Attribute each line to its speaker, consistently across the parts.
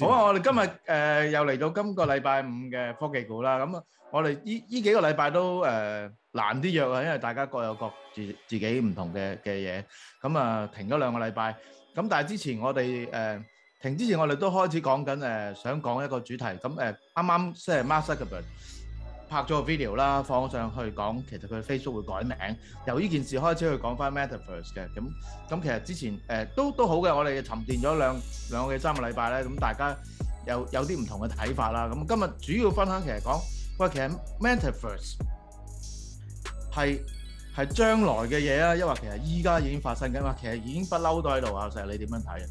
Speaker 1: 好啊！我哋今日誒、呃、又嚟到今個禮拜五嘅科技估啦。咁、嗯、我哋呢幾個禮拜都誒、呃、難啲約啊，因為大家各有各自自己唔同嘅嘅嘢。咁啊、嗯呃、停咗兩個禮拜。咁、嗯、但係之前我哋誒、呃、停之前我哋都開始講緊誒想講一個主題。咁誒啱啱即係 Mark Zuckerberg。拍咗個 video 啦，放上去講，其實佢 Facebook 會改名，由呢件事開始去講翻 Metaverse 嘅，咁、嗯、咁、嗯、其實之前誒、呃、都都好嘅，我哋沉澱咗兩兩個幾三個禮拜咧，咁、嗯、大家有有啲唔同嘅睇法啦，咁、嗯、今日主要分享其實講，喂，其實 Metaverse 係係將來嘅嘢啊，抑或其實依家已經發生緊，哇，其實已經不嬲都喺度啊，成日你點樣睇？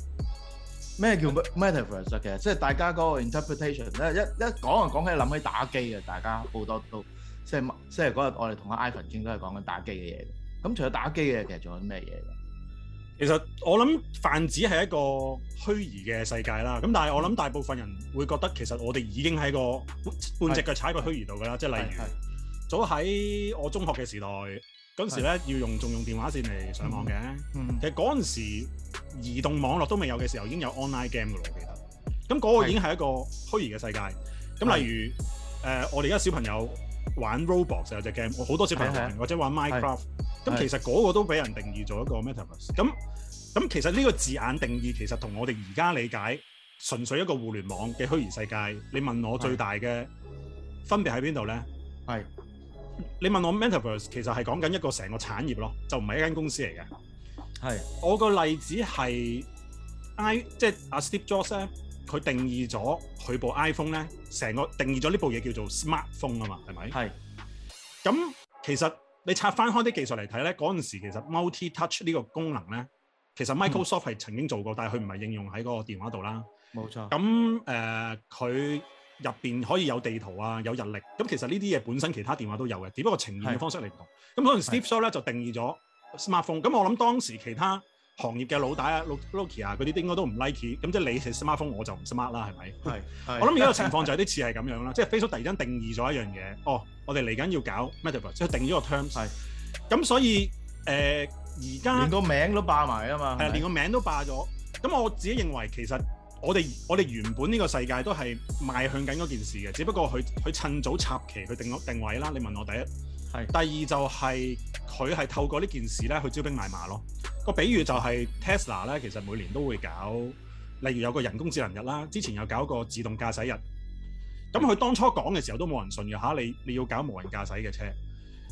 Speaker 1: 咩叫 Metaverse 啊？其實即係大家嗰個 interpretation 咧，一一講就講起諗起打機嘅，大家好多都即係即係嗰日我哋同阿 Ivan 傾都係講緊打機嘅
Speaker 2: 嘢。咁除咗打機嘅，其實仲有咩嘢嘅？其實我諗泛指係一個虛擬嘅世界啦。咁但係我諗大部分人會覺得其實我哋已經喺個半隻腳踩喺個虛擬度㗎啦。即係例如早喺我中學嘅時代。嗰陣時咧，要用仲用電話線嚟上網嘅，嗯、其實嗰時移動網絡都未有嘅時候已經有 online game 嘅啦，我記得。咁、那、嗰個已經係一個虛擬嘅世界。咁例如、呃、我哋而家小朋友玩 Roblox 有隻 game，好多小朋友或者玩 Minecraft，咁其實嗰個都俾人定義做一個 metaverse。咁咁其實呢個字眼定義其實同我哋而家理解純粹一個互聯網嘅虛擬世界。你問我最大嘅分別喺邊度咧？係。你問我 Metaverse 其實係講緊一個成個產業咯，就唔係一間公司嚟嘅。係，我個例子係 i 即係 Steve Jobs 咧，佢定義咗佢部 iPhone 咧，成個定義咗呢部嘢叫做 smartphone 啊嘛，係咪？係。咁其實你拆翻開啲技術嚟睇咧，嗰陣時其實 multi-touch 呢個功能咧，其實 Microsoft 係、嗯、曾經做過，但係佢唔係應用喺嗰個電話度啦。冇錯。咁誒佢。呃入邊可以有地圖啊，有日曆。咁其實呢啲嘢本身其他電話都有嘅，只不過呈現嘅方式嚟唔同。咁可能 Steve s h o w 呢咧就定義咗 smartphone。咁我諗當時其他行業嘅老大啊 l u k e y 啊嗰啲應該都唔 like 咁，即係你係 smartphone，我就唔 smart 啦，係咪？係 我諗而家嘅情況就係啲似係咁樣啦， 即係 Facebook 突然間定義咗一樣嘢，哦，我哋嚟緊要搞 metaverse，即係定咗個 terms。係。咁所以誒，而家連個名都霸埋啊嘛。係啊，連個名都霸咗。咁我自己認為其實。我哋我哋原本呢個世界都係邁向緊嗰件事嘅，只不過佢佢趁早插旗去定定位啦。你問我第一，係第二就係佢係透過呢件事咧去招兵買馬咯。個比喻就係 Tesla 咧，其實每年都會搞，例如有個人工智能日啦，之前又搞個自動駕駛日。咁佢當初講嘅時候都冇人信嘅嚇，你你要搞無人駕駛嘅車，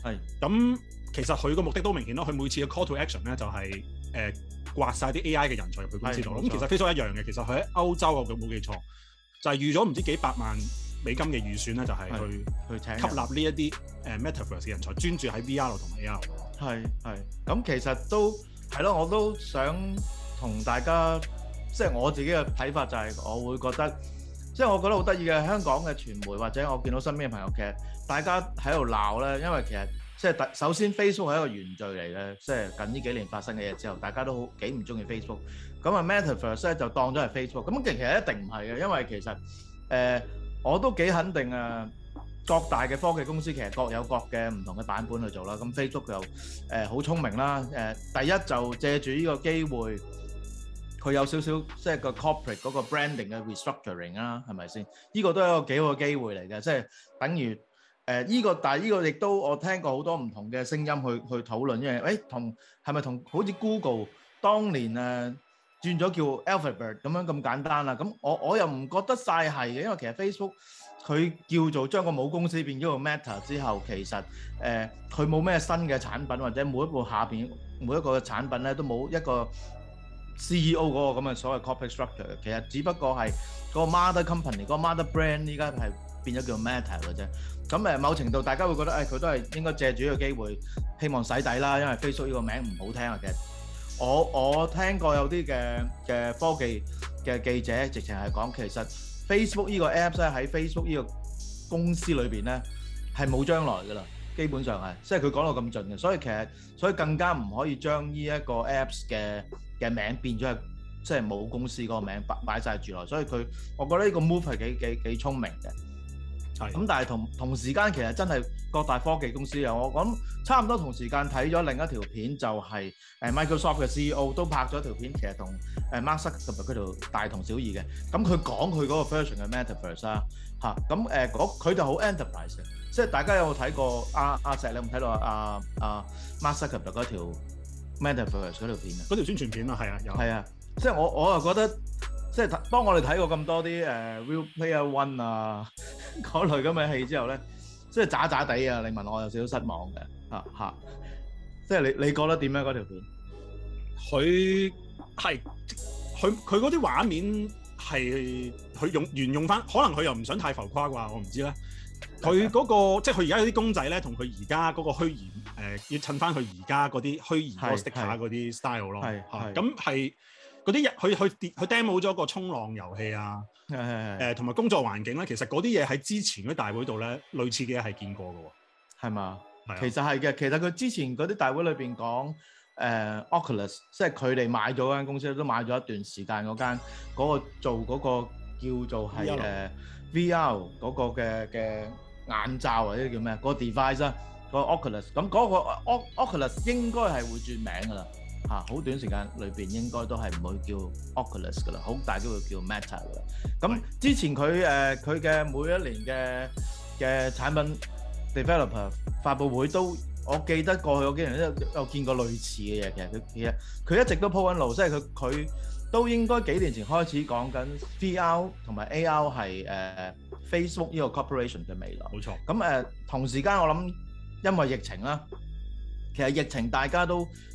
Speaker 2: 係咁其實佢個目的都明顯咯。佢每次嘅 Call to Action 咧就係、係呃刮晒啲 AI 嘅人才入佢公司度，咁其實 Facebook 一樣嘅，其實佢喺歐洲我冇記錯，就係、是、預咗唔知幾百萬美金嘅預算咧，就係去去請吸納呢一啲誒 Metaverse 人才，專注喺 VR 同埋 AR。係係，咁其實都係咯，我都想同大家，
Speaker 1: 即係我自己嘅睇法就係，我會覺得，即係我覺得好得意嘅，香港嘅傳媒或者我見到身邊嘅朋友其實大家喺度鬧咧，因為其實。即係第首先，Facebook 係一個原罪嚟嘅，即係近呢幾年發生嘅嘢之後，大家都好幾唔中意 Facebook。咁啊，Metaverse 咧就當咗係 Facebook。咁其實一定唔係嘅，因為其實誒我都幾肯定啊。各大嘅科技公司其實各有各嘅唔同嘅版本去做啦。咁 Facebook 又誒好聰明啦。誒第一就借住呢個機會，佢有少少即係個 corporate 嗰個 branding 嘅 restructuring 啦，係咪先？呢個都係一個幾好嘅機會嚟嘅，即係等於。誒、呃、依、這個，但係依個亦都我聽過好多唔同嘅聲音去去討論嘅。誒、哎、同係咪同好似 Google 當年啊，轉咗叫 Alphabet 咁樣咁簡單啦、啊？咁我我又唔覺得晒係嘅，因為其實 Facebook 佢叫做將個母公司變咗個 Meta 之後，其實誒佢冇咩新嘅產品或者每一部下邊每一個產品咧都冇一個 CEO 嗰、那個咁嘅所謂 copy structure。其實只不過係那個 mother company，個 mother brand 依家係。變咗叫 Meta 嘅啫。咁誒，某程度大家會覺得誒，佢都係應該借住呢個機會，希望洗底啦。因為 Facebook 呢個名唔好聽啊。其實我我聽過有啲嘅嘅科技嘅記者直情係講，其實 Facebook 呢個 apps 咧，喺 Facebook 呢個公司裏邊咧係冇將來噶啦，基本上係即係佢講到咁盡嘅。所以其實所以更加唔可以將呢一個 apps 嘅嘅名變咗係即係冇公司嗰個名擺擺曬住落。所以佢我覺得呢個 move 係幾幾幾聰明嘅。咁但係同同時間其實真係各大科技公司啊，我諗差唔多同時間睇咗另一條片，就係、是、誒 Microsoft 嘅 CEO 都拍咗條片，其實同誒 Mark Zuckerberg 嗰條大同小異嘅。咁、嗯、佢講佢嗰個 version 嘅 Metaverse 啊，咁誒佢就好 enterprise 嘅，即係大家有冇睇過阿阿、啊啊、石你有冇睇到阿阿 Mark Zuckerberg 嗰條 Metaverse 嗰條片啊？嗰條宣傳片啊，係啊，有。係啊，即係我我啊覺得，即係當我哋睇過咁多啲誒、啊、RealPlayer One 啊。嗰 類咁嘅戲之後咧，即係渣渣地啊！你問我有少少失望嘅，嚇、啊、嚇、
Speaker 2: 啊。即係你你覺得點咧？嗰條片佢係佢佢嗰啲畫面係佢用沿用翻，可能佢又唔想太浮誇啩，我唔知咧。佢嗰、嗰個、okay. 即係佢而家有啲公仔咧，同佢而家嗰個虛擬要襯翻佢而家嗰啲虛擬嗰啲 style 咯。係咁係，嗰啲佢佢佢 demo 咗個沖浪遊戲啊！誒誒，同埋工作環境咧，其實嗰啲嘢喺之前嗰啲大會度咧，類似嘅嘢係見過嘅，係嘛？係啊，其實係嘅，其實係嘅。其實佢之前嗰啲大
Speaker 1: 會裏邊講誒 Oculus，即係佢哋買咗間公司都買咗一段時間嗰間嗰個做嗰個叫做係誒、uh, VR 嗰個嘅嘅眼罩或者叫咩？嗰個 device 啊，個 Oculus 嗰、嗰個。咁嗰個 O Oculus 應該係會轉名㗎喇。啊！好短時間裏邊應該都係唔會叫 Oculus 㗎啦，好大機會叫 Meta 㗎啦。咁之前佢誒佢嘅每一年嘅嘅產品 developer 發佈會都，我記得過去有幾年都有見過類似嘅嘢嘅。其實佢，其實佢一直都鋪緊路，即係佢，佢都應該幾年前開始講緊 VR 同埋 AR 係誒 Facebook 呢個 corporation 嘅未來。冇錯。咁誒同時間我諗，因為疫情啦，其實疫情大家都～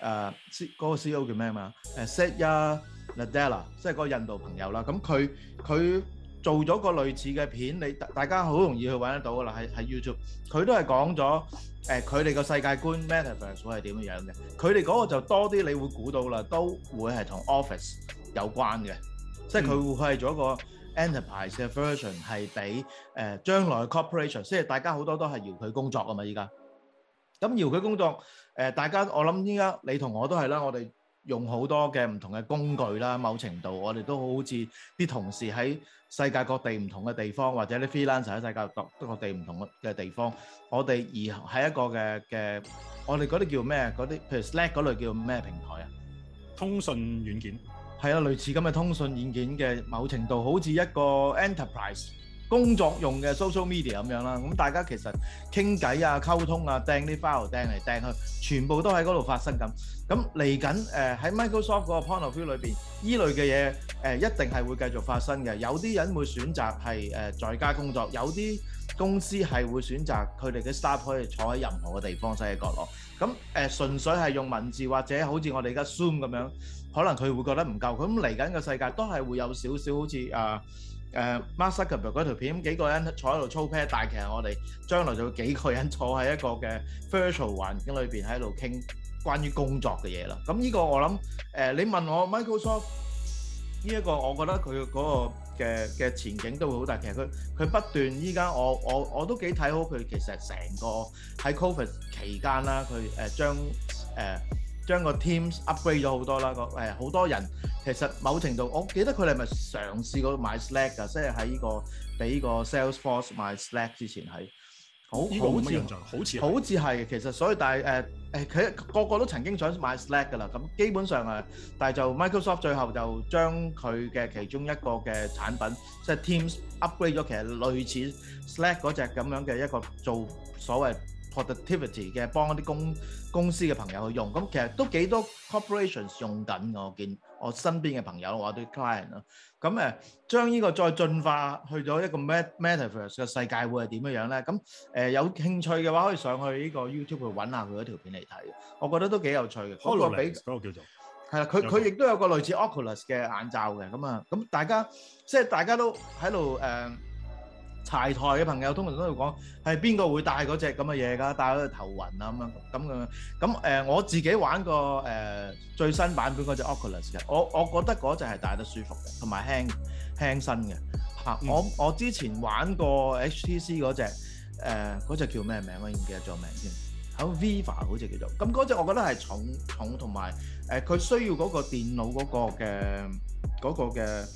Speaker 1: 誒，嗰個 CEO 叫咩啊嘛？誒，Satya Nadella，即係嗰個印度朋友啦。咁佢佢做咗個類似嘅片，你大家好容易去揾得到噶啦，喺喺 YouTube。佢都係講咗誒，佢哋個世界觀 Metaverse 係點樣嘅？佢哋嗰個就多啲，你會估到啦，都會係同 Office 有關嘅，即係佢佢會去做一個 enterprise 嘅 version 係畀誒將來 corporation，即係大家好多都係搖佢工作啊嘛，依家咁搖佢工作。誒，大家我諗依家你同我都係啦，我哋用好多嘅唔同嘅工具啦。某程度我哋都好似啲同事喺世界各地唔同嘅地方，或者啲 freelancer 喺世界各地唔同嘅地方，我哋而喺一個嘅嘅，我哋嗰啲叫咩？嗰啲譬如 Slack 嗰類叫咩平台啊？通訊軟件係啊，類似咁嘅通訊軟件嘅某程度，好似一個 enterprise。工作用嘅 social media 咁樣啦，咁大家其實傾偈啊、溝通啊、掟啲 file 掟嚟掟去，全部都喺嗰度發生咁。咁嚟緊誒，喺、呃、Microsoft 嗰個 point of view 裏邊，呢類嘅嘢誒一定係會繼續發生嘅。有啲人會選擇係誒在家工作，有啲公司係會選擇佢哋嘅 staff 可以坐喺任何嘅地方，細嘅角落。咁誒純粹係用文字或者好似我哋而家 Zoom 咁樣，可能佢會覺得唔夠。咁嚟緊嘅世界都係會有少少好似啊～、呃誒 Microsoft 嗰條片，咁幾個人坐喺度操 pad，但係其實我哋將來就會幾個人坐喺一個嘅 virtual 環境裏邊喺度傾關於工作嘅嘢啦。咁呢個我諗，誒、呃、你問我 Microsoft 呢、這、一個，我覺得佢嗰個嘅嘅前景都會好大。其實佢佢不斷依家，我我我都幾睇好佢。其實成個喺 Covid 期間啦，佢誒、呃、將誒、呃、將個 Teams upgrade 咗好多啦。個誒好多人。其實某程度，我記得佢哋係咪嘗試過買 Slack 㗎？即係喺呢個俾呢個 Salesforce 買 Slack 之前係好好似好似好似係嘅。其實所以但係誒誒，佢個個都曾經想買 Slack 㗎啦。咁基本上誒，但係就 Microsoft 最後就將佢嘅其中一個嘅產品即係 Teams upgrade 咗，其實類似 Slack 嗰隻咁樣嘅一個做所謂 productivity 嘅，幫一啲公公司嘅朋友去用。咁其實都幾多 corporations 用緊㗎。我見。我身邊嘅朋友，或者啲 client 啦，咁誒將呢個再進化去咗一個 Metaverse 嘅世界會係點樣呢？咧？咁有興趣嘅話，可以上去呢個 YouTube 去揾下佢嗰條片嚟睇，我覺得都幾有趣嘅。Oculus 嗰個叫做係啦，佢佢亦都有個類似 Oculus 嘅眼罩嘅咁啊，咁大家即係大家都喺度柴台嘅朋友通常都會講係邊個會戴嗰隻咁嘅嘢㗎，戴到頭暈啊咁樣咁嘅，咁誒、呃、我自己玩過誒、呃、最新版本嗰隻 Oculus 嘅，我我覺得嗰隻係戴得舒服嘅，同埋輕輕身嘅嚇、啊嗯。我我之前玩過 HTC 嗰隻誒嗰隻叫咩名啊？唔記得咗名添，喺 Vive 嗰隻好似叫做，咁嗰隻我覺得係重重同埋誒佢需要嗰個電腦嗰個嘅嗰個嘅誒。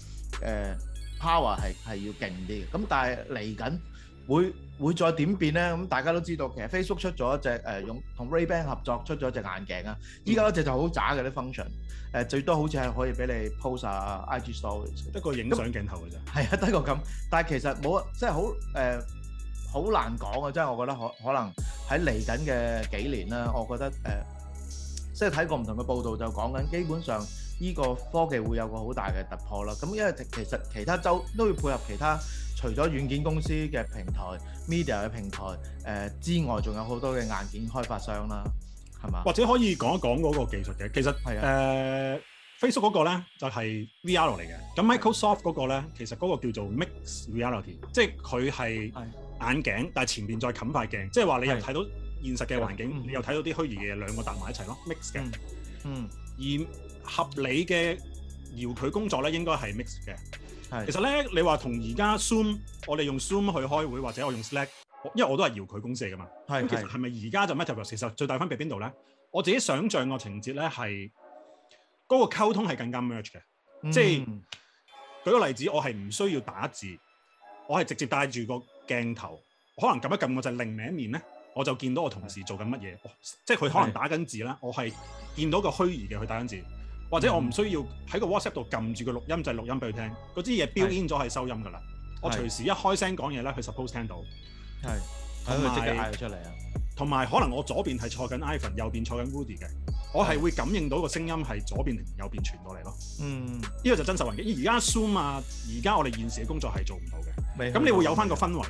Speaker 1: 那個 Power 係係要勁啲嘅，咁但係嚟緊會會再點變咧？咁大家都知道，其實 Facebook 出咗一隻誒用同 Ray-Ban 合作出咗隻眼鏡啦。依家嗰隻就好渣嘅啲 function，誒最多好似係可以俾你 post 啊，IG stories，得個影相鏡頭嘅啫。係啊，得個咁，但係其實冇啊，即係好誒，好難講啊！即係我覺得可可能喺嚟緊嘅幾年啦，我覺得誒，即係睇過唔同嘅報導就講緊基本上。呢、這個科技會有個好大嘅突破啦，咁因為其實其他州都要配合其他，除咗軟件公司嘅平台、media 嘅平台誒、呃、之外，仲有好多嘅硬件開發商啦，係嘛？或者
Speaker 2: 可以講一講嗰個技術嘅，其實誒、呃、Facebook 嗰個咧就係、是、VR 嚟嘅，咁 Microsoft 嗰個咧其實嗰個叫做 Mix Reality，即係佢係眼鏡，但係前面再冚塊鏡，即係話你又睇到現實嘅環境的，你又睇到啲虛擬嘅嘢，兩個搭埋一齊咯，mix 嘅。嗯。而合理嘅遙距工作咧，應該係 mix 嘅。係其實咧，你話同而家 Zoom，我哋用 Zoom 去開會，或者我用 Slack，因為我都係遙距公司嚟噶嘛。係其實係咪而家就 metaverse？其實最大分別邊度咧？我自己想像個情節咧，係嗰個溝通係更加 merge 嘅、嗯。即係舉個例子，我係唔需要打字，我係直接戴住個鏡頭，可能撳一撳我就另一面咧，我就見到我同事做緊乜嘢。即係佢可能打緊字啦，我係見到個虛擬嘅佢打緊字。或者我唔需要喺個 WhatsApp 度撳住個錄音就掣、係、錄音俾佢聽，嗰支嘢 build in 咗係收音㗎啦。我隨時一開聲講嘢咧，佢 suppose 聽到，係咁咪即刻嗌佢出嚟啊。同埋可能我左邊係坐緊 Ivan 右邊坐緊 Rudi 嘅，我係會感應到個聲音係左邊定右邊傳過嚟咯。
Speaker 1: 嗯，
Speaker 2: 呢、這個就真實環境。而家 Zoom 啊，而家我哋現時嘅工作係做唔到嘅，咁你會有翻個氛圍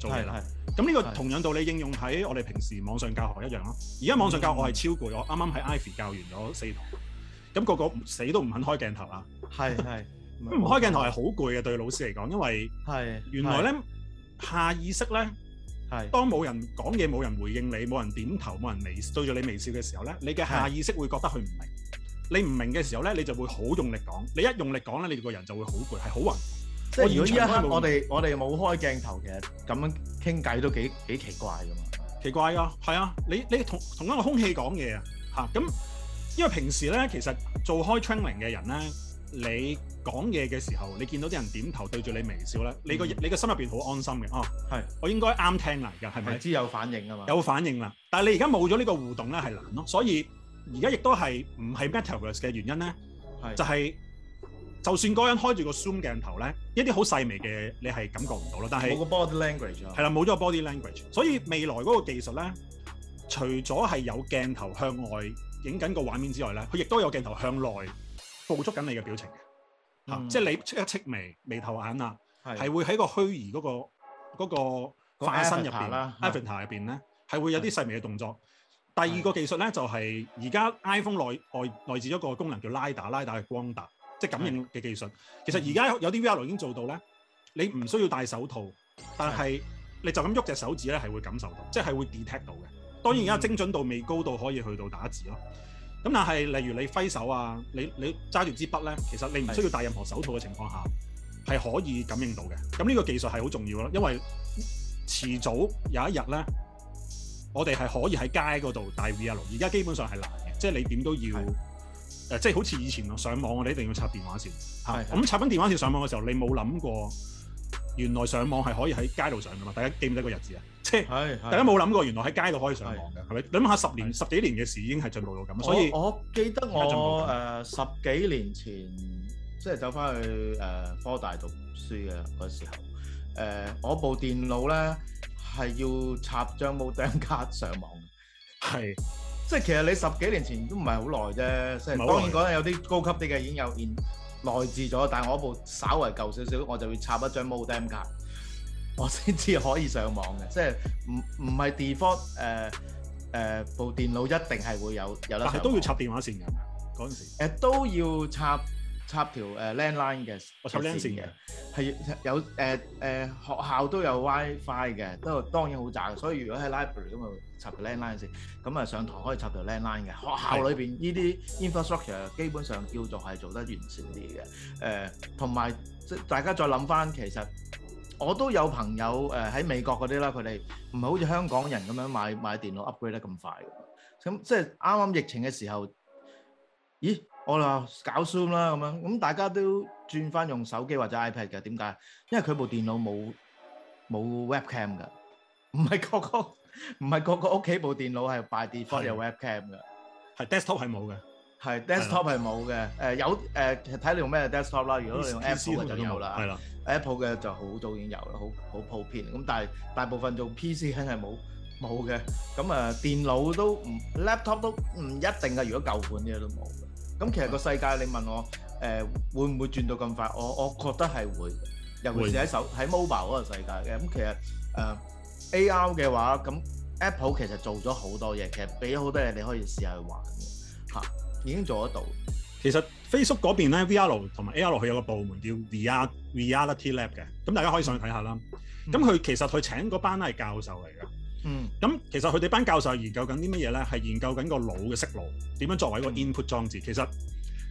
Speaker 2: 做嘢啦。咁呢個同樣道理應用喺我哋平時網上教學一樣咯。而家網上教我係超攰，我啱啱喺 Ivy 教完咗四堂。咁、那個個死都唔肯開鏡頭啦，係係，唔 開鏡頭係好攰嘅對老師嚟講，因為原來咧下意識咧，係當冇人講嘢，冇人回應你，冇人點頭，冇人微對住你微笑嘅時候咧，你嘅下意識會覺得佢唔明，你唔明嘅時候咧，你就會好用力講，你一用力講咧，你個人就會好攰，係好暈。
Speaker 1: 即係如果呢一刻我哋
Speaker 2: 我哋冇開鏡頭，其實咁樣傾偈都幾幾奇怪㗎嘛，奇怪㗎、啊，係啊，你你同同一個空氣講嘢啊，嚇咁。因為平時咧，其實做開 training 嘅人咧，你講嘢嘅時候，你見到啲人點頭對住你微笑咧，你個、嗯、你心入面好安心嘅哦。係，我應該啱聽嚟㗎，係咪？知有反應啊嘛。有反應啦，但係你而家冇咗呢個互動咧，係難咯。所以而家亦都係唔係 metaverse 嘅原因咧？就係、係、就算嗰人開住個 Zoom 鏡頭咧，一啲好細微嘅你係感覺唔到咯。但係冇個
Speaker 1: body language。係
Speaker 2: 啦，冇咗個 body language。所以未來嗰個技術咧，除咗係有鏡頭向外。影緊個畫面之外咧，佢亦都有鏡頭向內捕捉緊你嘅表情嘅，嗯啊，即係你戚一戚眉眉頭眼啊，係會喺個虛擬嗰、嗰個嗰個化身入邊，Avatar 入邊咧，係、那個、會有啲細微嘅動作。第二個技術咧，就係而家 iPhone 內內置咗一個功能叫 Lidar，Lidar 係光達，即係感應嘅技術。其實而家有啲 VR 已經做到咧，你唔需要戴手套，但係你就咁喐隻手指咧係會感受到，是即係會 detect 到嘅。當然而家精準度未高到可以去到打字咯，咁、嗯、但係例如你揮手啊，你你揸住支筆咧，其實你唔需要戴任何手套嘅情況下，係可以感應到嘅。咁呢個技術係好重要咯，因為遲早有一日咧，我哋係可以喺街嗰度戴 VR。而家基本上係難嘅，即係你點都要，誒即係好似以前上網，我哋一定要先插電話線嚇。咁插緊電話線上網嘅時候，你冇諗過。原來上網係可以喺街度上噶嘛？大家記唔記得個日子啊？即係大家冇諗過，原來喺街度可以上網嘅，係咪諗下十年、十幾年嘅事已經係進步到咁？所以我
Speaker 1: 記得我誒、呃、十幾年前即係走翻去誒、呃、科大讀書嘅嗰時候，誒、呃、我部電腦咧係要插張 modem card 上網的，係即係其實你十幾年前都唔係好耐啫，雖、嗯、然當然講有啲高級啲嘅已經有 in。內置咗，但係我部稍為舊少少，我就要插一張 Modem 卡，我先至可以上網嘅，即係唔唔係 default 誒誒部電腦一定係會有有得。但係都要插電話線㗎嘛？嗰陣時、呃、都要插。插條誒 landline 嘅，插 LAN 線嘅，係有誒誒、呃呃、學校都有 WiFi 嘅，都當然好渣嘅。所以如果喺 library 咁啊插條 landline 線，咁啊上堂可以插條 landline 嘅。學校裏邊呢啲 infrastructure 基本上叫做係做得完善啲嘅。誒同埋即大家再諗翻，其實我都有朋友誒喺、呃、美國嗰啲啦，佢哋唔係好似香港人咁樣買買電腦 upgrade 得咁快。咁即係啱啱疫情嘅時候，咦？我啦，搞 Zoom 啦，咁樣咁大家都轉翻用手機或者 iPad 嘅。點解？因為佢部電腦冇冇 webcam 㗎，唔係個個，唔係個個屋企部電腦係 by default 有 webcam 㗎，係 desktop 係冇嘅，係 desktop 係冇嘅。誒有誒睇你用咩 desktop 啦。如果你用 Apple 嘅就有啦，Apple 嘅就好早已經有啦，好好普遍。咁但係大部分做 PC 係冇冇嘅。咁誒電腦都唔，laptop 都唔一定嘅。如果舊款啲嘢都冇。咁其實個世界你問我誒、呃、會唔會轉到咁快？我我覺得係會，尤其是喺手喺 mobile 嗰個世界嘅。咁、嗯、其實誒、呃、AR 嘅話，咁 Apple 其實做咗好多嘢，其實俾好多嘢你可以試下去玩嘅
Speaker 2: 嚇、啊，已經做得到了。其實 Facebook 嗰邊咧 VR 同埋 AR 佢有個部門叫 Reality Lab 嘅，咁大家可以上去睇下啦。咁佢其實佢請嗰班係教授嚟㗎。嗯，咁其實佢哋班教授研究緊啲乜嘢咧？係研究緊個腦嘅色路點樣作為一個 input 裝置。嗯、其實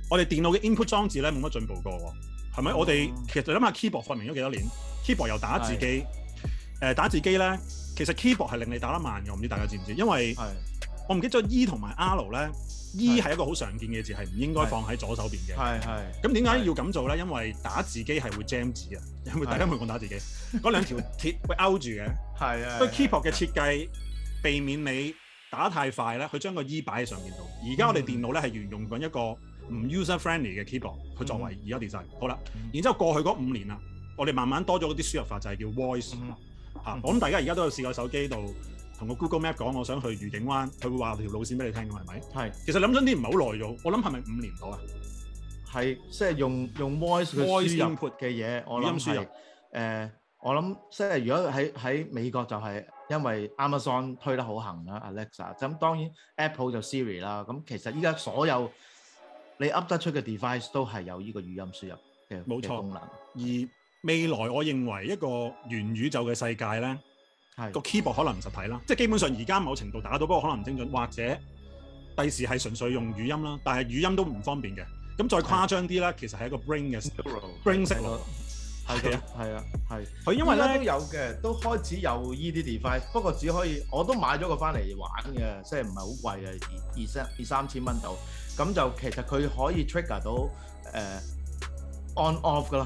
Speaker 2: 我哋電腦嘅 input 裝置咧冇乜進步過喎，係咪、嗯？我哋其實你諗下 keyboard 發明咗幾多年，keyboard 又打字機，呃、打字機咧，其實 keyboard 係令你打得慢嘅，我唔知大家知唔知？因為我唔記得咗 E 同埋 R 咧。E 係一個好常見嘅字，係唔應該放喺左手邊嘅。係係。咁點解要咁做咧？因為打字機係會 jam 字嘅，因為大家會按打字機，嗰兩條鐵會勾住嘅。係啊。所以 keyboard 嘅設計避免你打太快咧，佢將個 E 擺喺上面度。而家我哋電腦咧係沿用緊一個唔 user friendly 嘅 keyboard，去作為而家 design。好啦，然之後過去嗰五年啦，我哋慢慢多咗嗰啲輸入法就係、是、叫 voice 嚇、嗯嗯啊。我諗大家而家都有試過手機度。同個 Google Map 講，我想去愉景灣，佢會話條路線俾你聽㗎嘛？係咪？係。其實諗緊啲唔係好耐咗，我諗係咪五年度啊？係，即係用用 voice 嘅輸入
Speaker 1: 嘅嘢，我諗係誒，我諗即係如果喺喺美國就係因為 Amazon 推得好行啦，Alexa，咁當然 Apple 就 Siri 啦。咁其實依家
Speaker 2: 所有你 up 得出嘅 device 都係有依個語音輸入嘅功能。冇錯。而未來，我認為一個元宇宙嘅世界咧。個 keyboard 可能唔實體啦、嗯，即係基本上而家某程度打到，不過可能唔精準，或者第時係純粹用語音啦。但係語音都唔方便嘅。咁再誇張啲啦，其實係一個 brain 嘅識路 brain 識路，係嘅，係啊，係。佢因為咧都有嘅，都開始有
Speaker 1: 依啲 device，不過只可以我都買咗個翻嚟玩嘅，即係唔係好貴啊，二二三千蚊度。咁就其實佢可以 trigger 到誒、 呃、on off 㗎啦，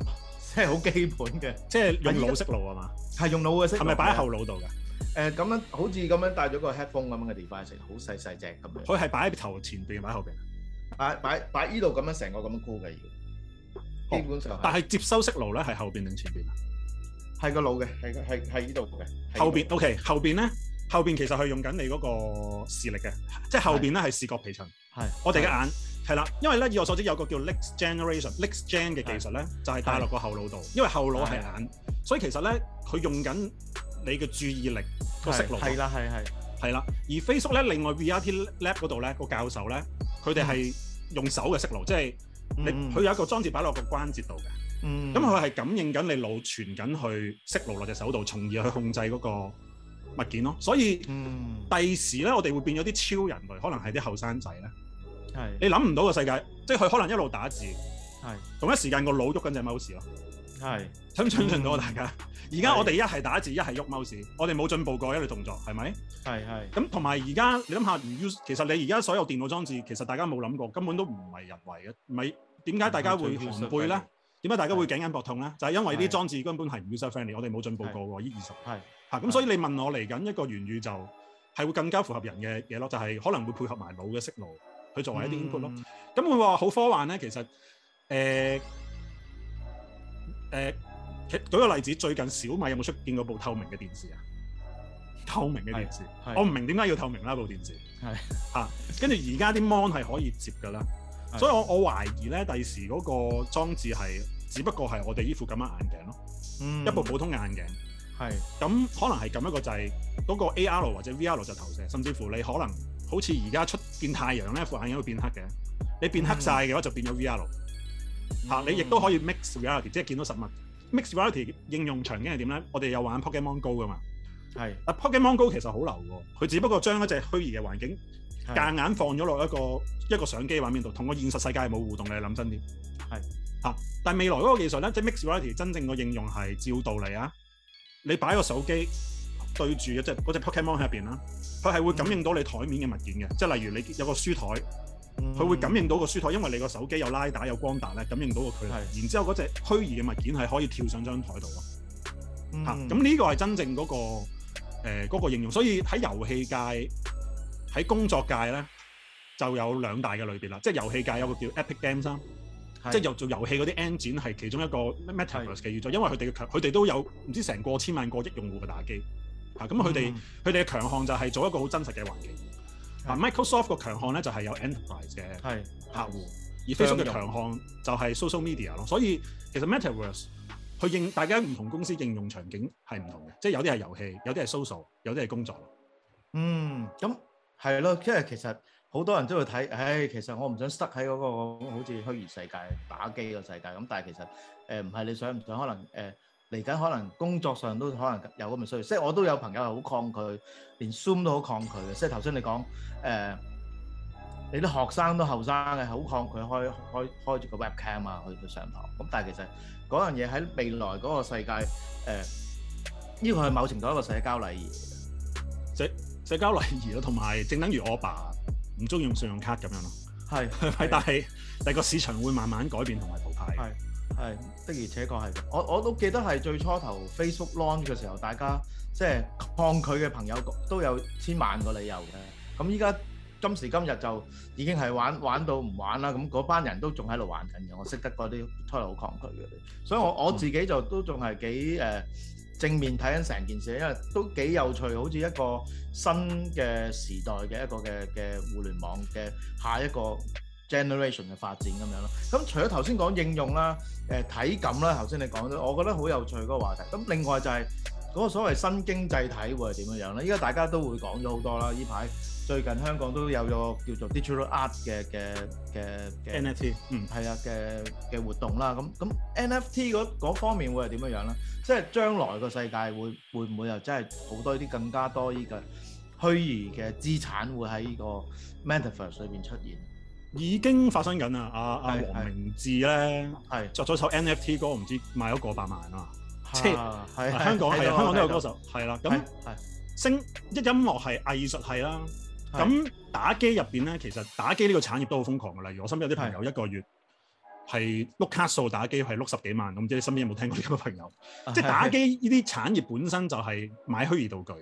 Speaker 1: 即係好基本嘅，
Speaker 2: 即係用腦識路啊嘛？係用腦嘅，係咪擺喺後腦度㗎？誒
Speaker 1: 咁、啊呃、樣好似咁樣戴咗個 headphone 咁樣嘅 device，e 好細細隻咁樣。佢
Speaker 2: 係擺喺頭前邊，唔喺後
Speaker 1: 邊。啊，擺擺呢度咁樣，成個咁樣箍嘅，要、哦、基本上是。但係
Speaker 2: 接收色牢咧，係後邊定前邊啊？係個腦嘅，係係係呢度嘅後邊。O K，後邊咧，後邊、okay，其實係用緊你嗰個視力嘅，即係後邊咧係視覺皮層。我哋嘅眼係啦，因為咧以我所知有一個叫 l e x generation l e x gen 嘅技術咧，就係戴落個後腦度，因為後腦係眼。所以其實咧，佢用緊你嘅注意力、個色路，係啦係係，係啦。而 Facebook 咧，另外 VRT Lab 嗰度咧，個教授咧，佢哋係用手嘅色路，即係你佢、嗯、有一個裝置擺落個關節度嘅，咁佢係感應緊你腦傳緊去色路落隻手度，從而去控制嗰個物件咯。所以第時咧，嗯、我哋會變咗啲超人類，可能係啲後生仔咧。係你諗唔到個世界，即係佢可能一路打字，係同一時間個腦喐緊隻 mouse 咯。係，想唔相信到啊？大家，而、嗯、家我哋一係打字，一係喐 mouse 我哋冇進步過一類動作，係咪？係係。咁同埋而家，你諗下其實你而家所有電腦裝置，其實大家冇諗過，根本都唔係人為嘅，唔係點解大家會寒背咧？點解大家會頸緊膊痛咧？就係、是、因為啲裝置根本係唔 user friendly，我哋冇進步過喎呢二十。係。嚇！咁所以你問我嚟緊一個元宇宙就係會更加符合人嘅嘢咯，就係、是、可能會配合埋腦嘅識路去作為一啲 input 咯。咁會話好科幻咧，其實誒。呃誒、欸，舉個例子，最近小米有冇出見過部透明嘅電視啊？透明嘅電視，我唔明點解要透明啦，部電視
Speaker 1: 係
Speaker 2: 嚇，跟住而家啲 mon 係可以接㗎啦，所以我我懷疑咧，第時嗰個裝置係只不過係我哋依副咁樣嘅眼鏡咯、嗯，一部普通嘅眼鏡係咁，係可能係撳一個掣嗰、嗰個 A R 或者 V R 就投射，甚至乎你可能好似而家出見太陽呢，一副眼鏡會變黑嘅，你變黑晒嘅話就變咗 V R。嚇、mm -hmm. 啊，你亦都可以 mix reality，即係見到實物。嗯、mix reality 應用場景係點咧？我哋有玩 Pokemon Go 噶嘛？係。嗱 Pokemon Go 其實好流嘅，佢只不過將一隻虛擬嘅環境夾硬放咗落一個一個相機畫面度，同個現實世界冇互動嘅。你諗真啲。係。嚇、啊！但係未來嗰個技術咧，即係 mix reality 真正個應用係照道理啊，你擺個手機對住即係嗰隻 Pokemon 喺入邊啦，佢係會感應到你台面嘅物件嘅，即、嗯、係例如你有個書台。佢會感應到個書台，因為你個手機有拉打有光達咧，感應到個距離，然之後嗰隻虛擬嘅物件係可以跳上張台度咯。
Speaker 1: 嚇、嗯，咁、啊、
Speaker 2: 呢、這個係真正嗰、那個誒嗰、呃那個、應用，所以喺遊戲界、喺工作界咧就有兩大嘅類別啦。即係遊戲界有個叫 Epic Games 啦，即係做做遊戲嗰啲 N 展係其中一個 m e t a 嘅預兆，因為佢哋佢哋都有唔知成個千萬個億用戶嘅打機嚇，咁佢哋佢哋嘅強項就係做一個好真實嘅環境。Microsoft 個強項咧就係、是、有 enterprise 嘅客戶，而 Facebook 嘅強項就係 social media 咯。所以其實 Metaverse 去應大家唔同公司應用場景係唔同嘅，即係有啲係遊戲，有啲係 social，有啲係工作。嗯，咁係咯，即係其實好多人都會睇，唉、哎，其
Speaker 1: 實我唔想 stuck 喺嗰個好似虛擬世界打機嘅世界咁，但係其實誒唔係你想唔想可能誒？呃嚟緊可能工作上都可能有咁嘅需要，即係我都有朋友係好抗拒，連 Zoom 都好抗拒嘅。即係頭先你講，誒、呃，你啲學生都後生嘅，好抗拒開開開住個 Webcam 啊，去去上堂。咁但係其實嗰樣嘢
Speaker 2: 喺未來嗰個世界，誒、呃，呢、這個係某程度一個社交禮儀。社社交禮儀咯，同埋正等於我阿爸唔中意用信用卡咁樣咯。係係，但係但係個市場會慢慢改變同埋淘汰嘅。係的，的而且確係，我我都記得係最初頭 Facebook launch 嘅時候，大家即係抗拒嘅朋
Speaker 1: 友都有千萬個理由嘅。咁依家今時今日就已經係玩玩到唔玩啦。咁嗰班人都仲喺度玩緊嘅，我識得嗰啲初頭好抗拒嘅。所以我我自己就都仲係幾誒正面睇緊成件事，因為都幾有趣，好似一個新嘅時代嘅一個嘅嘅互聯網嘅下一個。Generation 嘅發展咁樣咯，咁除咗頭先講應用啦，誒、呃、體感啦，頭先你講咗，我覺得好有趣嗰個話題。咁另外就係嗰個所謂新經濟體會係點樣樣咧？依家大家都會講咗好多啦，呢排最近香港都有個叫做 Digital Art 嘅嘅嘅嘅 NFT，嗯，係啊嘅嘅活動啦。咁咁 NFT 嗰方面會係點樣樣咧？即係將來個世界會會唔會又真係好多啲更加多
Speaker 2: 呢個虛擬嘅資產會喺呢個 metaverse 裏邊出現？已經發生緊啦！阿阿黃明志咧，作咗首 NFT 歌，唔知賣咗過百萬是是是是啊！即係香港係香港都有歌手係啦。咁星一音樂係藝術係啦。咁、嗯、打機入邊咧，其實打機呢個產業都好瘋狂嘅。例如我身邊有啲朋友一個月係碌卡數打機，係六十幾萬。咁即係你身邊有冇聽過呢個朋友？即係打機呢啲產業本身就係買虛擬道具，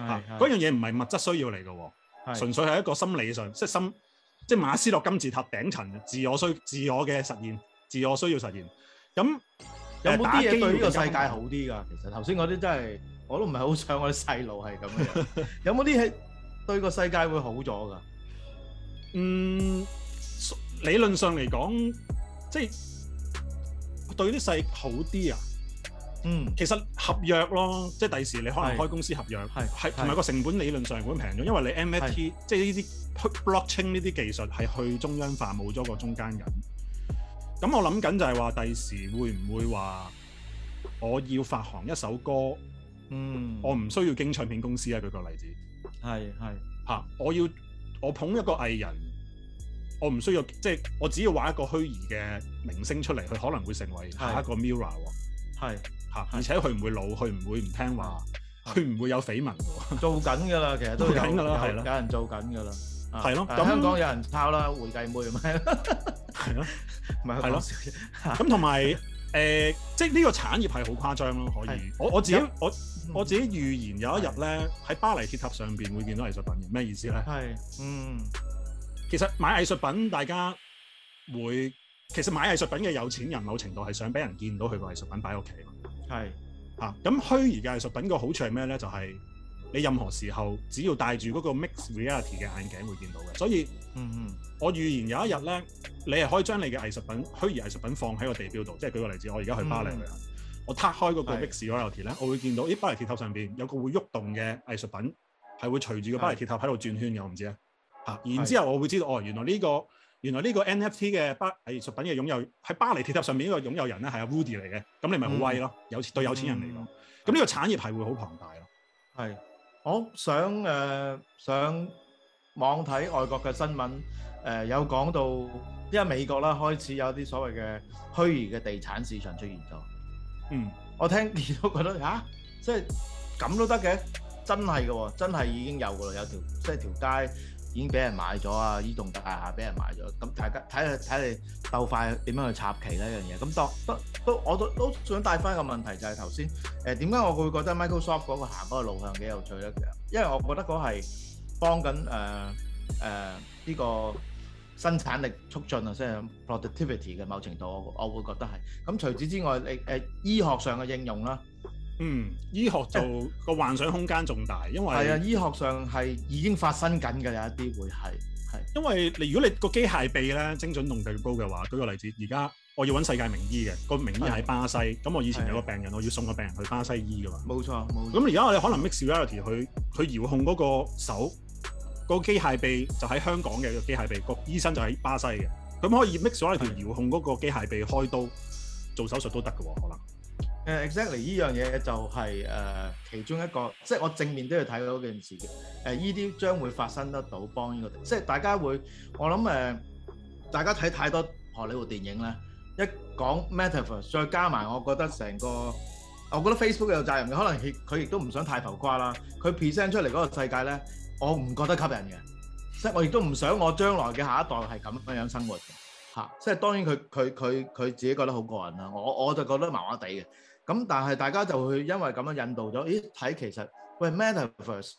Speaker 2: 嗰、啊、樣嘢唔係物質需要嚟嘅，純粹係一個心理上，即係心。即係馬斯洛金字塔頂層，自我需自我嘅實現，自我需要實現。咁
Speaker 1: 有冇啲嘢對呢個世界，界好
Speaker 2: 啲㗎？ 其實頭先嗰啲真係我都唔係好想我啲細路係咁。 有冇啲係對個世界會好咗㗎？嗯，理論上嚟講，即係對啲細好啲啊！嗯，其實合約咯，即係第時你可能開公司合約，係係同埋個成本理論上會平咗，因為你 MFT 係即係呢啲 Blockchain 呢啲技術係去中央化，冇咗個中間人。咁我諗緊就係話，第時會唔會話我要發行一首歌？嗯，我唔需要經唱片公司啊。舉個例子，係係嚇， 我要我捧一個藝人，我唔需要即係我只要畫一個虛擬嘅明星出嚟，佢可能會成為下一個 MIRROR 喎。係嚇，而且佢唔會老，佢唔會唔聽話，佢唔會有緋聞。做緊㗎啦，其實都係緊㗎啦，係有，有人做緊㗎啦。咯，咁、啊、香港有人抄啦，會計妹咪係咯，咪咁同埋即係呢個產業係好誇張咯，可以。我我自己我、嗯、我自己預言有一日咧，喺巴黎鐵塔上面會見到藝術品，咩意思咧？係，嗯，其實買藝術品大家會。其實買藝術品嘅有錢人，某程度係想俾人見到佢個藝術品擺喺屋企。係，吓、啊、咁虛擬嘅藝術品個好處係咩咧？就係、是、你任何時候只要戴住嗰個 mixed reality 嘅眼鏡會見到嘅。所以，嗯嗯，我預言有一日咧，你係可以將你嘅藝術品虛擬藝術品放喺個地標度。即係舉個例子，我而家去巴黎、嗯、我撻開嗰個 mixed reality 咧，我會見到咦，巴黎鐵塔上邊有個會喐動嘅藝術品，係會隨住個巴黎鐵塔喺度轉圈嘅。我唔知啊，吓，然之後我會知道哦，原來呢、這個。原來呢個 NFT 嘅巴藝術品嘅擁有喺巴黎鐵塔上面呢個擁有人咧係阿 Rudi 嚟嘅，咁你咪好威咯、嗯！有對有錢人嚟講，咁、嗯、呢個產業係會好龐大咯。係，我
Speaker 1: 上誒、呃、上網睇外國嘅新聞，誒、呃、有講到因為美國啦開始有啲所謂嘅虛擬嘅地產市場出現咗。嗯，我聽見都覺得吓、啊，即係咁都得嘅？真係㗎喎，真係已經有㗎啦，有條即係條街。已經被人買咗啊！依棟大廈俾人買咗，咁大家睇下，睇你鬥快點樣去插旗呢樣嘢。咁我都，都想帶返一個問題，就係頭先為點解我會覺得 Microsoft 嗰個行嗰個路向幾有趣呢？因為我覺得嗰係幫緊呢、呃呃呢個生產力促進啊，即、就、係、是、productivity 嘅某程度，我會會覺得係。咁除此之外，你誒、呃、醫學上嘅應用啦。嗯，醫學就個、欸、幻想空間仲大，因為係啊，醫學上係已經發生緊嘅有一啲會係係，
Speaker 2: 因為你如果你個機械臂咧，精準度越高嘅話，舉個例子，而家我要揾世界名醫嘅，個名醫喺巴西，咁我以前有個病人，我要送個病人去巴西醫嘅嘛，
Speaker 1: 冇錯，冇錯。咁而家我哋可能 mix
Speaker 2: reality，佢佢，嗯、遙控嗰個手，個機械臂就喺香港嘅個機械臂，個醫生就喺巴西嘅，咁可以 mix reality 遙控嗰個機械臂開刀做手術都得嘅喎，可能。
Speaker 1: 誒 exactly 呢樣嘢就係誒其中一個，即係我正面都要睇到件事嘅。誒呢啲將會發生得到幫呢個，即係大家會我諗誒，大家睇太多荷里活電影咧，一講 metaphor，再加埋我覺得成個，我覺得 Facebook 有責任嘅，可能佢佢亦都唔想太浮誇啦。佢 present 出嚟嗰個世界咧，我唔覺得吸引嘅，即係我亦都唔想我將來嘅下一代係咁樣樣生活嘅，嚇。即係當然佢佢佢佢自己覺得好過癮啦，我我就覺得麻麻地嘅。咁但係大家就會因為咁樣引導咗，咦睇其實喂 Metaverse，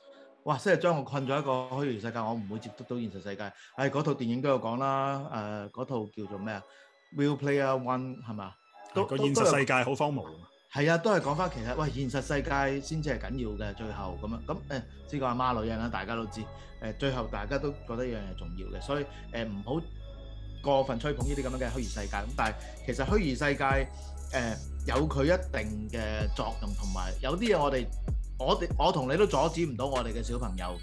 Speaker 1: 哇即係將我困咗一個虛擬世界，我唔會接觸到現實世界。誒嗰套電影都有講啦，誒嗰套叫做咩啊？Ready Player One 係咪？個現實世界好荒謬㗎嘛？係啊，都係講返其實喂現實世界先至係緊要嘅，最後咁樣咁誒知個阿媽老人啦，大家都知誒最後大家都覺得一樣嘢重要嘅，所以誒唔好過分吹捧呢啲咁樣嘅虛擬世界。咁但係其實虛擬世界。誒、呃、有佢一定嘅作用，同埋有啲嘢我哋，我哋我同你都阻止唔到我哋嘅小朋友，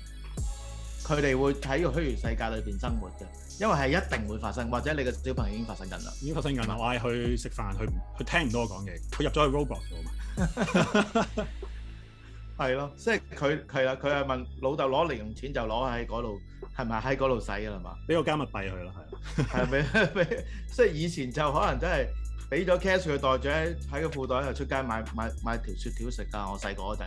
Speaker 1: 佢哋會喺個虛擬世界裏邊生活嘅，因為係一
Speaker 2: 定會發生，或者你嘅小朋友已經發生緊啦，已經發生緊啦，我係去食飯，佢佢聽唔到我講嘢，佢入咗去 robot 咗嘛 係咯，即係佢係啦，佢
Speaker 1: 係問老豆攞零用錢就攞喺嗰度，係咪喺嗰度使㗎啦嘛？俾個加密幣佢啦，係啊，係 咪不是？俾 即係以前就可能真係俾咗 cash 佢袋住喺個褲袋度，出街買買買條雪條食㗎。我細個嗰陣，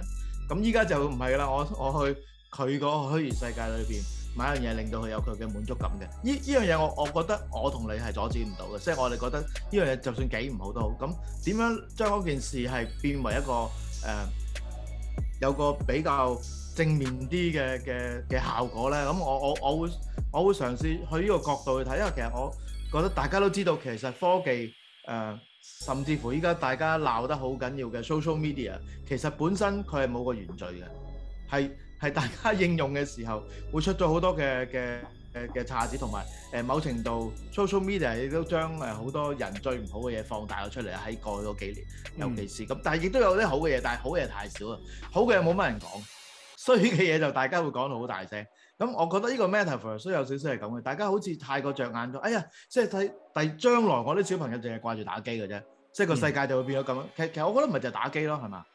Speaker 1: 咁依家就唔係啦。我我去佢個虛擬世界裏邊買一樣嘢，令到佢有佢嘅滿足感嘅。呢依樣嘢我我覺得我同你係阻止唔到嘅，即係我哋覺得呢樣嘢就算幾唔好都好。咁點樣將嗰件事係變為一個誒、呃有個比較正面啲嘅嘅嘅效果咧，咁我我我會我會嘗試去呢個角度去睇，因為其實我覺得大家都知道，其實科技誒、呃，甚至乎依家大家鬧得好緊要嘅 social media，其實本身佢係冇個原罪嘅，係係大家應用嘅時候會出咗好多嘅嘅。嘅誒嘅叉子同埋誒某程度 social media 亦都將誒好多人最唔好嘅嘢放大咗出嚟喺過去嗰幾年，尤、嗯、其是咁，但係亦都有啲好嘅嘢，但係好嘢太少啦，好嘅嘢冇乜人講，衰嘅嘢就大家會講到好大聲。咁我覺得呢個 metaverse 有少少係咁嘅，大家好似太過着眼咗。哎呀，即係睇第將來我啲小朋友淨係掛住打機嘅啫，即係個世界就會變咗咁樣。
Speaker 2: 其、嗯、其實我覺得唔係就打機咯，係嘛？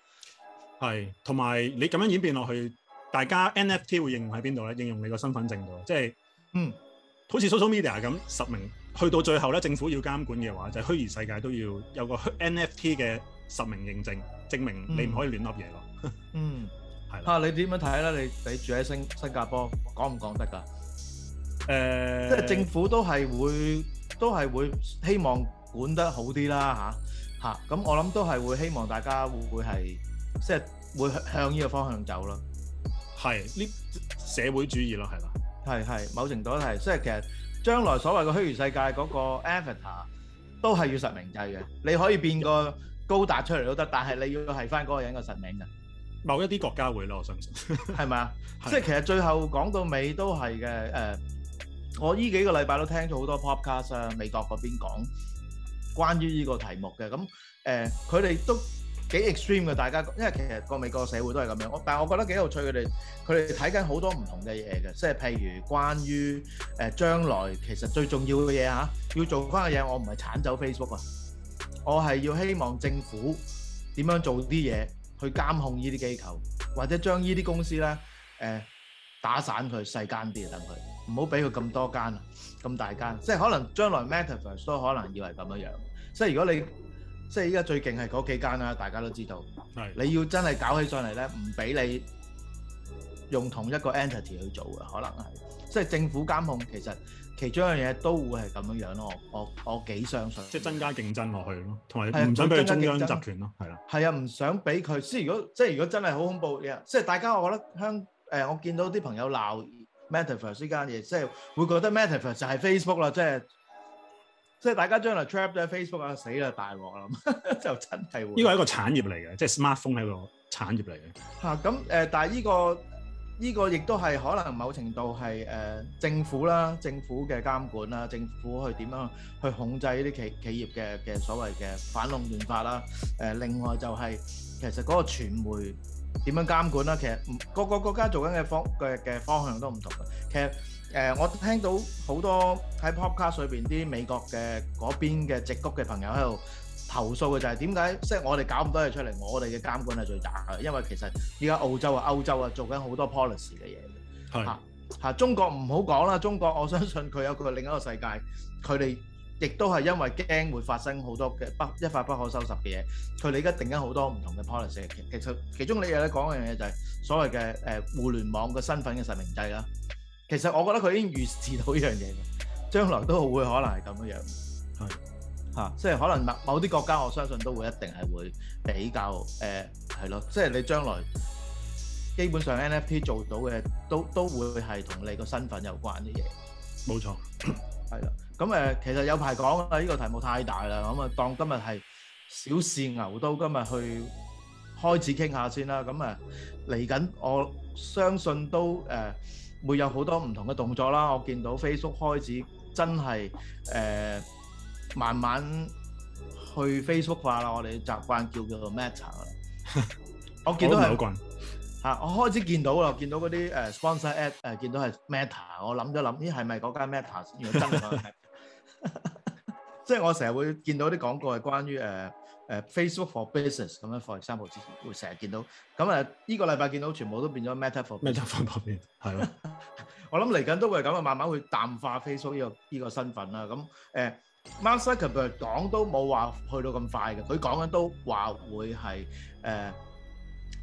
Speaker 2: 係，同埋你咁樣演變落去，大家 NFT 會應用喺邊度咧？應用你個身份證度，即係。嗯，好似 social media 咁，實名去到最後咧，政府要監管嘅話，就虛擬世界都要有個 NFT 嘅實名認證，證明你唔可以亂噏嘢咯。嗯，
Speaker 1: 係啦。啊，你點樣睇咧？你你住喺新新加坡，講唔講得噶？誒，即係政府都係會，都係會希望管得好啲啦，吓吓。咁我諗都係會希望大家會會係，即係會向呢個方向走咯。係呢社會主義咯，係啦。係係，某程度都係，即係其實將來所謂嘅虛擬世界嗰個 avatar 都係要實名制嘅。你可以變個高達出嚟都得，但係你要係翻嗰個人個實名嘅。某一啲國家會咯，我相信。係咪啊？即係其實最後講到尾都係嘅。誒，我呢幾個禮拜都聽咗好多 podcast 啊，美國嗰邊講關於呢個題目嘅。咁誒，佢哋都幾 extreme 㗎，大家因為其實個美國社會都係咁樣，但係我覺得幾有趣，佢哋佢哋睇緊好多唔同嘅嘢嘅，即係譬如關於誒將來其實最重要嘅嘢吓，要做返嘅嘢，我唔係鏟走 Facebook 啊，我係要希望政府點樣做啲嘢去監控呢啲機構，或者將呢啲公司咧，誒打散佢細間啲啊，等佢唔好俾佢咁多間啊，咁大間，即係可能將來 Metaverse 都可能要係咁樣樣，即係如果你。即係依家最勁係嗰幾間啦，大家都知道。係。你要真係搞起上嚟咧，唔俾你用同一個 entity 去做嘅，可能係。即係政府監控，其實其中一樣嘢都會係咁樣樣咯。我我我幾相信。即係增加競爭落去咯，同埋唔想俾佢中央集權咯，係啦。係啊，唔想俾佢。即係如果即係如果真係好恐怖嘅，yeah, 即係大家我覺得香誒、呃，我見到啲朋友鬧 Metaverse 呢間嘢，即係會覺得 Metaverse 就係 Facebook 啦，即係。即係大家將來 trap 咗喺 Facebook 啊，死啦大鑊啦，就真係會。呢個係
Speaker 2: 一個產業嚟嘅，即係 smartphone 係一個產業嚟嘅。
Speaker 1: 嚇咁誒，但係、這、呢個呢、這個亦都係可能某程度係誒、呃、政府啦，政府嘅監管啦，政府去點樣去控制呢啲企企業嘅嘅所謂嘅反壟斷法啦。誒、呃，另外就係、是、其實嗰個傳媒點樣監管啦。其實各個國家做緊嘅方嘅嘅方向都唔同嘅。其實。誒，我聽到好多喺 Podcast 上邊啲美國嘅嗰邊嘅矽谷嘅朋友喺度投訴嘅就係點解，即係我哋搞咁多嘢出嚟，我哋嘅監管係最渣嘅，因為其實而家澳洲啊、歐洲啊做緊好多 policy 嘅嘢。係嚇，嚇中國唔好講啦，中國我相信佢有佢另一個世界，佢哋亦都係因為驚會發生好多嘅不一發不可收拾嘅嘢，佢哋而家定緊好多唔同嘅 policy。其實其中你又咧講一樣嘢就係所謂嘅誒互聯網嘅身份嘅實名制啦。其實我覺得佢已經預示到依樣嘢啦，將來都會可能係咁樣樣。係，嚇，雖然可能某某啲國家，我相信都會一定係會比較誒，係、呃、咯，即係你將來基本上 NFT 做到嘅都都會係同你個身份有關嘅嘢。
Speaker 2: 冇錯。
Speaker 1: 係啦，咁、嗯、誒，其實有排講啦，依、這個題目太大啦，咁、嗯、啊當今日係小試牛刀，今日去開始傾下先啦。咁、嗯、啊，嚟緊我相信都誒。呃會有好多唔同嘅動作啦，我見到 Facebook 開始真係、呃、慢慢去 Facebook 化啦，我哋習慣叫叫做 Meta 啦。我見到係嚇、啊，我開始見到啦、呃呃，見到嗰啲誒 sponsor ad 誒，見到係 Meta，我諗咗諗，咦係咪嗰間 Meta？如果真係， 即係我成日會見到啲廣告係關於誒。呃誒 Facebook for business 咁樣，放櫃三號之前會成日見到。咁誒呢個禮拜見到全部都變咗 metaphor for business, 對吧。metaphor
Speaker 2: 邊？係咯，
Speaker 1: 我諗嚟緊都會咁啊，慢慢會淡化 Facebook 呢、呢個呢、呢個身份啦。咁誒、欸、Mark Zuckerberg 講都冇話去到咁快嘅，佢講緊都話會係誒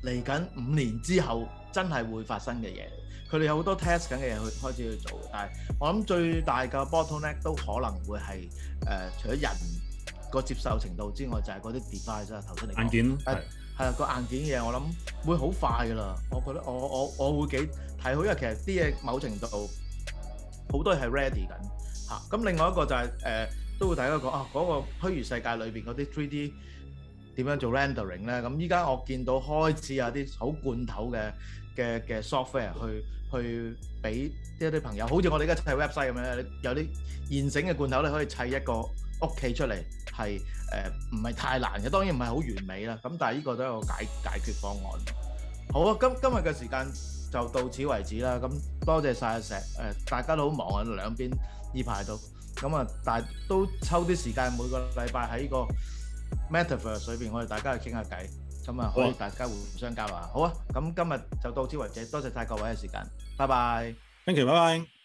Speaker 1: 嚟緊五年之後真係會發生嘅嘢。佢哋有好多 test 緊嘅嘢去開始去做，但係我諗最大嘅 bottleneck 咧都可能會係誒、呃、除咗人。個接受程度之外，就係嗰啲 device 啊，頭先嚟。硬件咯，係係啊，個硬件嘢我諗會好快噶啦。我覺得我我我會幾睇好，因為其實啲嘢某程度好多係 ready 緊嚇。咁另外一個就係誒都會睇到講啊，嗰個虛擬世界裏邊嗰啲 three D 點樣做 rendering 咧。咁依家我見到開始有啲好罐頭嘅嘅嘅 software 去去俾啲一啲朋友，好似我哋而家砌 website 咁樣，有啲現成嘅罐頭咧可以砌一個。屋企出嚟係誒唔係太難嘅，當然唔係好完美啦。咁但係呢個都係個解解決方案。好啊，今今日嘅時間就到此為止啦。咁多謝曬阿石誒，大家都好忙啊，兩邊呢排度。咁啊，大都抽啲時間每個禮拜喺呢個 metaverse 裡邊，我哋大家去傾下偈，咁啊可以大家互相交流。好啊，咁今日就到此為止，多謝曬各位嘅時間。拜拜
Speaker 2: ，Thank you，拜拜。